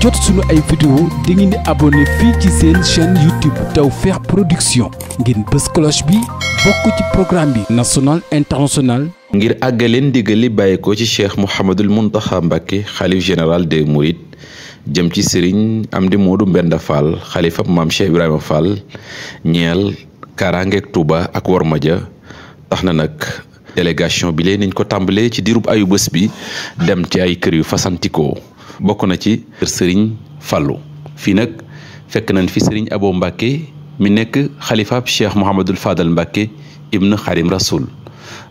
jot suñu ay vidéo da ngeen di abonné fii ci seen chaîne YouTube Tawfekh Production ngeen bës cloche bi bokk ci programme bi national international ngir àggaleen ndigal li bàyyi ko ci cheikh Mouhamadul Mountakha Mbacké xalif général des Mourides jëm ci sëriñ Amdi Modou Mbenda Fall xalifab maam Cheikh Ibrahima Fall ñeel kaaraangeeg Touba ak Wormaja tax na nag délégation bi lee niñ ko tàmbalee ci diirub ayu bés bi dem ci ay kër yu fasantikoo bokk na ci sëriñ Fallou fii nag fekk nañ fi sëriñ Abo Mbacke mi nekk xalifaab cheikh Mouhamadul Fadal Mbacke ibn Xarim Rasoul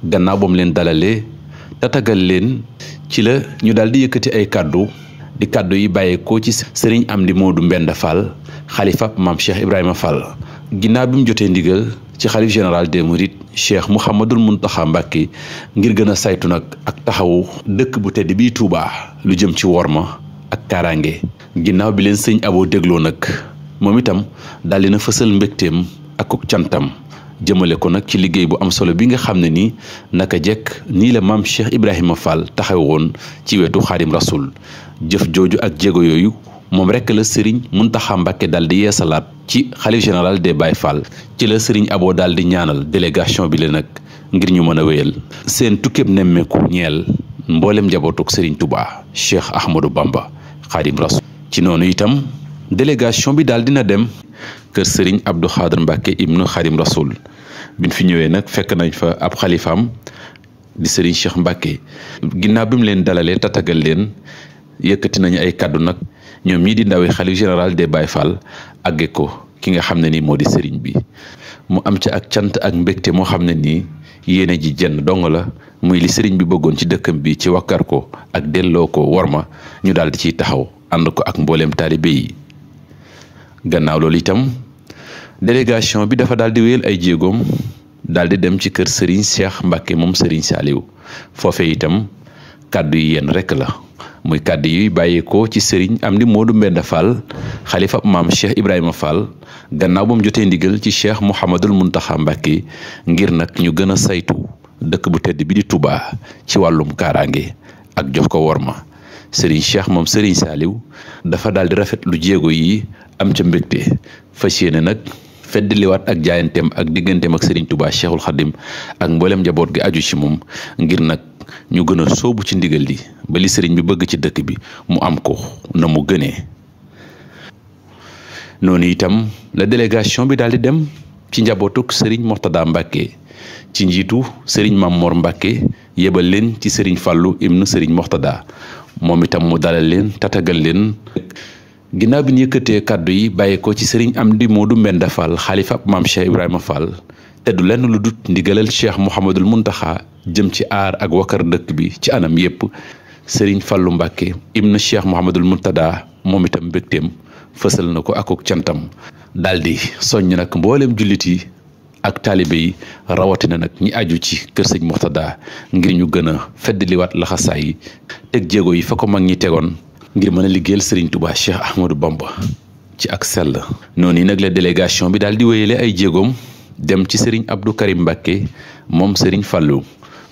gannaaw ba leen dalalee tatagal leen ci la ñu daal di yëkkati ay kàddu di kàddu yi bàyyeekoo ci sëriñ Amdi Modou Mbenda fal xalifaab maam cheikh Ibrahima Fall ginnaaw bi mu jotee ndigal. ci xalif général des mourides cheikh mouhamadul muntaxa mbàkki ngir gën a saytu nag ak taxawu dëkk bu tedd bii Touba lu jëm ci worma ak kaaraange ginnaaw bi leen sëñ aboo dégloo nag moom itam daal dina fësal mbégteem ak ak cantam jëmale ko nag ci liggéey bu am solo bi nga xam ne nii naka jekk nii la maam cheikh ibrahima fall taxaw woon ci wetu xaadim rasul jëf jooju ak jéego yooyu moom rek la sëriñ Muntaxa Mbàkke daal di yeesalaat ci xalif général des Baye Fall ci la sëriñ aboo daal di ñaanal délégation bi la nag ngir ñu mën a wéyal seen tukkeeb nemmeeku ñeel mboolem njabootuk sëriñ Touba Cheikh Ahmadou Bamba Xaadim Rasul ci noonu itam délégation bi daal dina dem kër sëriñ Abdou Xaadir Mbàkke ibnu Xaadim Rasul biñ fi ñëwee nag fekk nañ fa ab xalifaam di sëriñ Cheikh Mbàkke ginnaaw bi leen dalalee tatagal leen yëkkati nañu ay kàddu nag ñoom ñii di ndawi xalif général des bay Fall àgge ko ki nga xam ne nii moo di sëriñ bi mu am ca ak cant ak mbégte moo xam ne nii yéene ji jenn dong la muy li sëriñ bi bëggoon ci dëkkam bi ci wakkar ko ak delloo ko worma ñu daal di ciy taxaw ànd ko ak mbooleem taalibe yi gannaaw loolu itam délégation bi dafa daal di wéyal ay jéegoom daal di dem ci kër sëriñ Cheikh Mbacke moom sëriñ Saliou foofe itam kàddu yi yenn rekk la muy kàddu yuy bàyyeekoo ci sëriñ Amdi Modou Mbenda Fall xalifa maam Cheikh Ibrahima Fall gannaaw ba mu jotee ndigal ci Cheikh Mouhamadul Mountakha Mbacké ngir nag ñu gën a saytu dëkk bu tedd bi di Touba ci wàllum kaaraange ak jox ko worma sëriñ Cheikh moom sëriñ saaliw dafa daal di rafet lu jéego yi am ca mbégte fas yéene nag feddliwaat ak jaayanteem ak digganteem ak sëriñ Touba Cheikhul Khadim ak mboolem njaboot gi aju ci moom ngir ñu gën a sóobu ci ndigal li bali sëriñ bi bëgg ci dëkk bi mu am ko na mu gënee noonu itam la délégation bi daal dem ci njabootuk sëriñ Moxtada Mbàkke ci njiitu sëriñ Mamor Mbàkke yebal leen ci sëriñ Fàllu ibnu sëriñ Moxtada moom itam mu dalal leen tatagal leen ginnaaw bi ñu yëkkatee kàddu yi bàyyi ko ci sëriñ Amdi Moodu Mbenda Fall xalifa maam Cheikh Ibrahima Fall te du lenn lu dut ndigalal cheikh Mouhamadul Muntaxa jëm ci aar ak wakkar dëkk bi ci anam yépp sëriñ Fallou Mbacke ibn cheikh Mouhamadul Muntada moom itam mbégteem fësal na ko ak cantam daal di soññ nag mbooleem jullit yi ak taalibe yi rawatina nag ñi aju ci kër sëñ Muxtada ngir ñu gën a feddliwaat laxasaay yi teg jéego yi fa ko mag ñi tegoon ngir mën a liggéeyal sëriñ Touba Cheikh Ahmadou Bamba ci ak sell noonu yi nag la délégation bi daal di wéyale ay jéegoom dem ci sëriñ Abdou Karim Mbàkke moom sëriñ fallu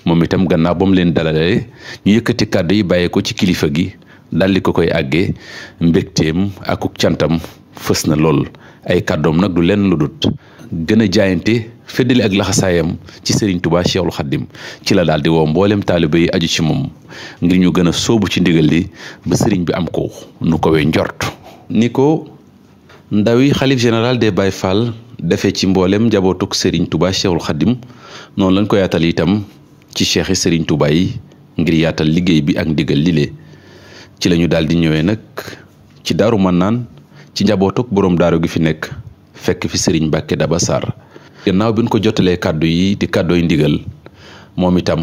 moom itam gannaaw ba leen dalalee ñu yëkkati kàddu yi bàyyee ko ci kilifa gi daldi ko koy àggee mbégteem akuk cantam fës na lool ay kàddoom nag du lenn lu dut a jaayante feddali ak laxasaayam ci Serigne Touba Cheikhul Khadim ci la daal di woo mboolem taaliba yi aju ci moom ngir ñu gën a sóobu ci ndigal li ba sëriñ bi am ko nu ko njort. ni ko ndawi xalif général des Baye fal defe ci mbooleem njabootug sëriñ Touba Cheikhul Khadim noonu lañ ko yaatal itam ci cheikhi sëriñ Touba yi ngir yaatal liggéey bi ak ndigal lile ci lañu daal di ñëwee nag ci daaru Mannaan ci njabootug boroom daaru gi fi nekk fekk fi Serigne Mbacke Daba Sarr gannaaw bi ñu ko jotalee kàddu yi di kàddooy ndigal moom itam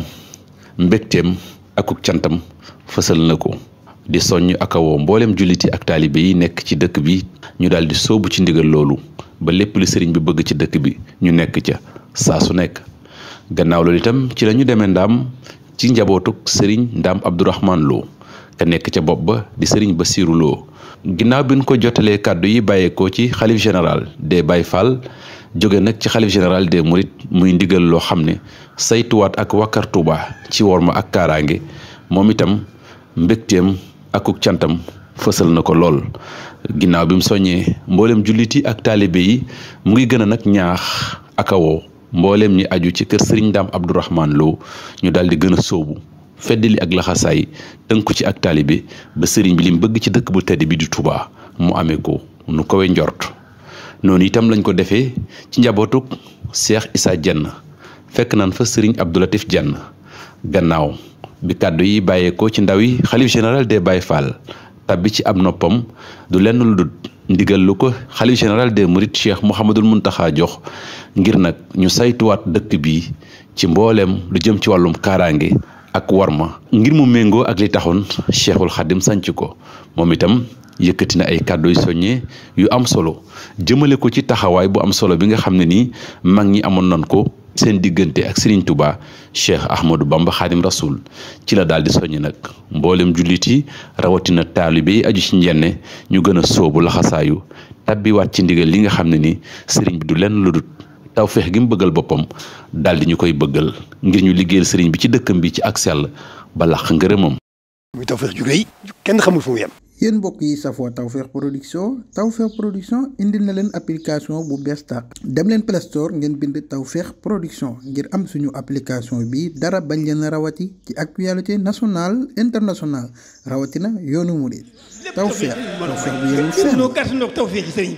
mbégteem akuk cantam fësal na ko di soññ akawoo mboolem julliti ak taalibe yi nekk ci dëkk bi ñu daal di sóobu ci ndigal loolu ba lépp li sëriñ bi bëgg ci dëkk bi ñu nekk ca saa su nekk gannaaw loolu itam ci la ñu demee ndam ci njabootuk sëriñ ndam Abdourahman Lo ka nekk ca bopp ba di sëriñ Bassirou Lo ginnaaw bi ko jotalee kàddu yi bàyyeekoo ci xalif général des Baye Fall jóge nag ci xalif général des Mourides muy ndigal loo xam ne saytuwaat ak Wakkar Touba ci ma ak kaaraange moom itam mbégteem akuk cantam fësal na ko lool ginnaaw bi mu soññee mboolem jullit yi ak taalibe yi mu ngi gën a nag ñaax akawoo mboolem ñi aju ci kër sëriñ Ndaam Abdourahman loo ñu daal di gën a sóobu feddali ak laxasaay tënku ci ak taalibe ba sëriñ bi lim bëgg ci dëkk bu tedd bi di Touba mu amee ko nu kowe njort noonu itam lañ ko defee ci njabootuk Cheikh Issa Diène fekk nan fa sëriñ Abdou Latif jenn gannaaw bi kàddu yi bàyyeekoo ci ndaw yi xalif général de Baye Fall tàbbi ci ab noppam du lenn lu dut ndigal lu ko xalif général des mourides cheikh mouhamadul muntaxa jox ngir nag ñu saytuwaat dëkk bi ci mbooleem lu jëm ci wàllum kaaraange ak warma ngir mu méngoo ak li taxoon cheikhul xadim sanc ko moom itam yëkkati na ay kàddu yu soññee yu am solo jëmale ko ci taxawaay bu am solo bi nga xam ne nii mag ñi amoon nan ko seen diggante ak Serigne Touba Cheikh Ahmadou Bamba Xaadim Rasoul ci la daal di soññ nag mboolem jullit yi rawatina taalibe yi aju ci njenne ñu gën a soobu laxasaayu tabbiwaat ci ndigal li nga xam ne ni sëriñ bi du lenn lu dut taw feex gi mu bëggal boppam daal di ñu koy bëggal ngir ñu liggéeyal sëriñ bi ci dëkkam bi ci ak sell ba làq ngërëmam. kenn xamul fu mu yéen mbokk yi safoo Tawfekh Production Tawfekh Production indil na leen application bu bees tàq dem leen Play Store ngeen bind Tawfekh Production ngir am suñu application bii dara bañ leen rawati ci actualité nationale internationale rawatina yoonu mu de Tawfekh Tawfekh bi yéen seen